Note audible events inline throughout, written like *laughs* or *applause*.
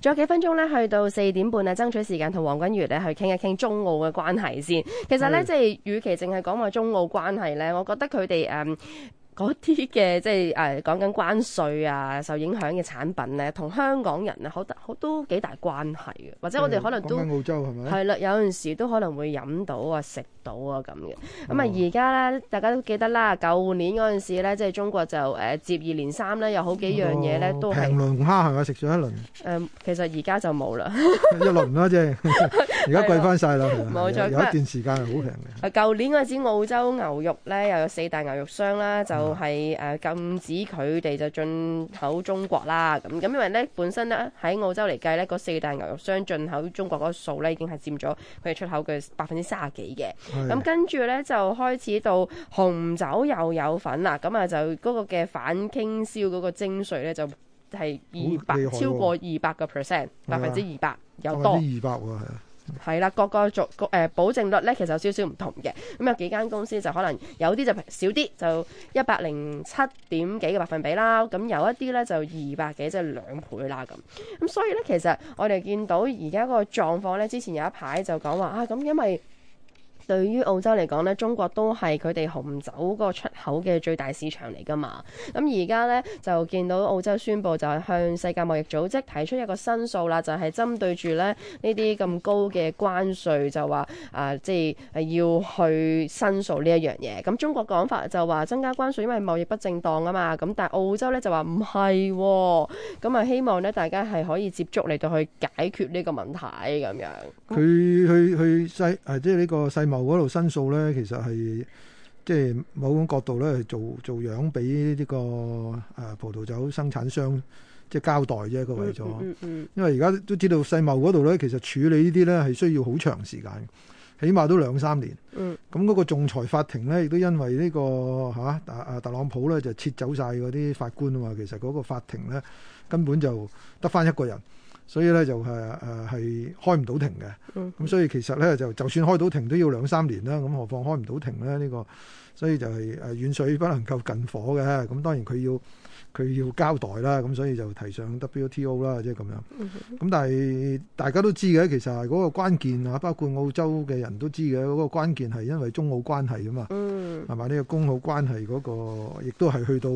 仲有幾分鐘咧，去到四點半啊，爭取時間同黃君如咧去傾一傾中澳嘅關係先。其實咧，的即係與其淨係講話中澳關係咧，我覺得佢哋誒。嗯嗰啲嘅即係誒、哎、講緊關稅啊，受影響嘅產品咧，同香港人啊，好大好都幾大關係嘅，或者我哋可能都澳洲係咪咧？係啦，有陣時都可能會飲到啊、食到啊咁嘅。咁啊，而家咧大家都記得啦，舊年嗰陣時咧，即係中國就誒、嗯、接二連三咧，有好幾樣嘢咧都平，龍蝦係咪食咗一輪？誒、嗯，其實而家就冇啦。 *laughs* 一輪啦，即係而家貴翻晒啦。冇 *laughs* 了錯。有一段時間係好平嘅。舊年嗰陣時澳洲牛肉咧，又有四大牛肉商啦，就 *music* 就係禁止佢哋就進口中國啦，咁咁因為咧本身咧喺澳洲嚟計咧，嗰四大牛肉商進口中國嗰數咧已經係佔咗佢哋出口嘅百分之三十幾嘅，咁的跟住咧就開始到紅酒又有份啦，咁啊就嗰個嘅反傾銷嗰個徵稅咧就係二百超過二百個 percent，百分之二百又多。二百喎，係啊！係啦，各個做個誒、呃、保證率咧，其實有少少唔同嘅。咁有幾間公司就可能有啲就少啲，就一百零七點幾嘅百分比啦。咁有一啲咧就二百幾，即係兩倍啦咁。咁所以咧，其實我哋見到而家嗰個狀況咧，之前有一排就講話啊，咁因為。對於澳洲嚟講咧，中國都係佢哋紅酒個出口嘅最大市場嚟㗎嘛。咁而家呢，就見到澳洲宣布就係向世界貿易組織提出一個申訴啦，就係、是、針對住咧呢啲咁高嘅關稅，就話啊、呃，即係要去申訴呢一樣嘢。咁、嗯、中國講法就話增加關稅，因為貿易不正當啊嘛。咁但係澳洲呢，就話唔係喎，咁、嗯、啊希望呢，大家係可以接觸嚟到去解決呢個問題咁樣。佢去去世啊，即係呢個世貿。嗰度申訴咧，其實係即係某種角度咧，係做做樣俾呢、這個誒、呃、葡萄酒生產商即係交代啫。佢、那個、為咗，因為而家都知道世貿嗰度咧，其實處理呢啲咧係需要好長時間，起碼都兩三年。嗯，咁嗰個仲裁法庭咧，亦都因為呢、這個嚇啊特朗普咧就撤走晒嗰啲法官啊嘛，其實嗰個法庭咧根本就得返一個人。所以咧就誒誒係開唔到庭嘅，咁、嗯嗯、所以其實咧就就算開到庭都要兩三年啦，咁何況開唔到庭咧呢、呢個，所以就係誒遠水不能夠近火嘅，咁、嗯、當然佢要佢要交代啦，咁所以就提上 WTO 啦，即係咁樣。咁、嗯嗯、但係大家都知嘅，其實嗰個關鍵啊，包括澳洲嘅人都知嘅，嗰、嗰個關鍵係因為中澳關係啊嘛，係咪呢個公澳關係嗰、嗰個，亦都係去到。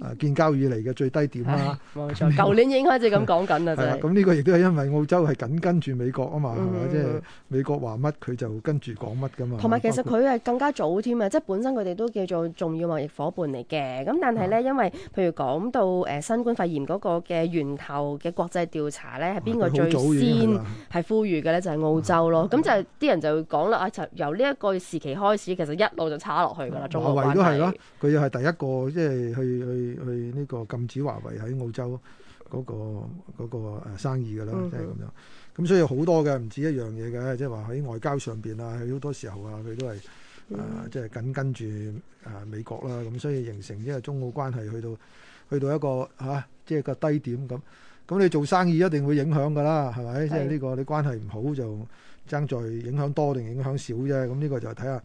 啊，建交以嚟嘅最低點啦，冇錯。舊年已經開始咁講緊啦，真係。咁呢個亦都係因為澳洲係緊跟住美國啊嘛，係即係美國話乜佢就跟住講乜噶嘛？同埋其實佢係更加早添啊，即係本身佢哋都叫做重要貿易伙伴嚟嘅。咁但係呢，因為譬如講到誒新冠肺炎嗰個嘅源頭嘅國際調查呢，係邊個最先係呼籲嘅呢？就係澳洲咯。咁就係啲人就會講啦啊，由呢一個時期開始，其實一路就差落去㗎啦。中國為都係咯，佢又係第一個即係去去。去去呢個禁止華為喺澳洲嗰個嗰個誒生意嘅啦，即係咁樣。咁所以好多嘅唔止一樣嘢嘅，即係話喺外交上邊啊，佢好多時候啊，佢都係誒即係緊跟住誒美國啦。咁所以形成呢個中澳關係去到去到一個嚇，即係個低點咁。咁你做生意一定會影響㗎啦，係咪？即係呢個你關係唔好就爭在影響多定影響少啫。咁呢個就睇下。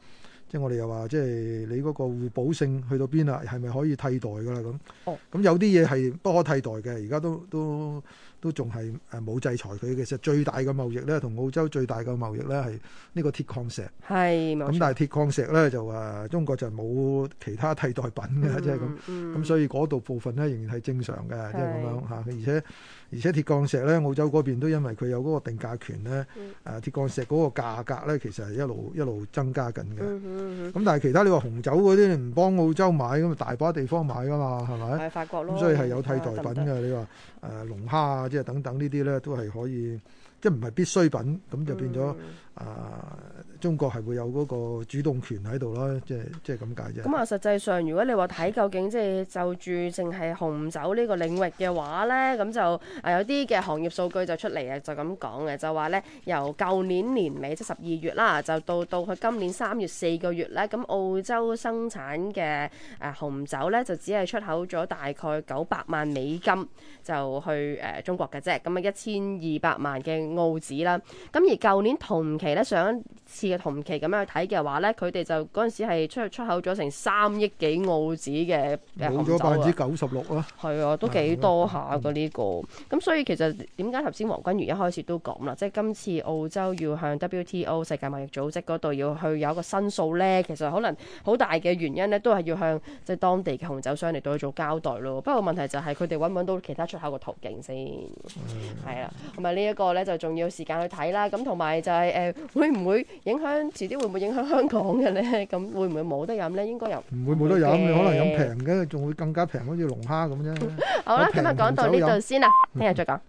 即係我哋又話，即係你嗰個互補性去到邊啦？係咪可以替代噶啦咁？哦，咁、嗯、有啲嘢係不可替代嘅。而家都都都仲係誒冇制裁佢嘅。其實最大嘅貿易咧，同澳洲最大嘅貿易咧係呢個鐵礦石。係，咁但係鐵礦石咧就誒，中國就冇其他替代品嘅，即係咁。咁、嗯嗯、所以嗰度部分咧仍然係正常嘅，即係咁樣嚇。是而且而且鐵礦石咧，澳洲嗰邊都因為佢有嗰個定價權咧，誒、呃、鐵礦石嗰個價格咧，其實係一路一路增加緊嘅。嗯嗯咁、嗯、但係其他你話紅酒嗰啲你唔幫澳洲買，咁啊大把地方買噶嘛，係咪？係法國咯。所以係有替代品嘅。 *music* 你話誒、呃、龍蝦啊，即係等等呢啲咧，都係可以。即係唔係必需品，咁就變咗啊、嗯呃！中國係會有嗰個主動權喺度啦，即係即係咁解啫。咁啊，實際上如果你話睇究竟即係就住淨係紅酒呢個領域嘅話咧，咁就啊有啲嘅行業數據就出嚟，啊，就咁講嘅，就話咧，由舊年年尾即十二月啦，就到到佢今年三月四個月咧，咁澳洲生產嘅誒紅酒咧就只係出口咗大概九百萬美金就去誒中國嘅啫，咁啊一千二百萬嘅。澳指啦，咁而舊年同期咧上次嘅同期咁樣去睇嘅話咧，佢哋就嗰陣時係出去出口咗成三億幾澳紙嘅冇咗百分之九十六啊，係啊，都幾多下嘅呢個。咁、嗯、所以其實點解頭先黃君如一開始都講啦，即、就、係、是、今次澳洲要向 WTO 世界貿易組織嗰度要去有一個申訴咧，其實可能好大嘅原因咧，都係要向即係當地嘅紅酒商嚟到去做交代咯。不過問題就係佢哋揾唔揾到其他出口嘅途徑先，係啦、嗯，同埋呢一個咧就仲要時間去睇啦。咁同埋就係、是、誒、呃、會唔會？影響遲啲會唔會影響香港嘅咧？咁 *laughs* 會唔會冇得飲咧？應該又唔會冇得飲，你可能飲平嘅，仲會更加平好似龍蝦咁啫。 *laughs* 好啦吧，今日講到呢度先啦，聽日、嗯、再講。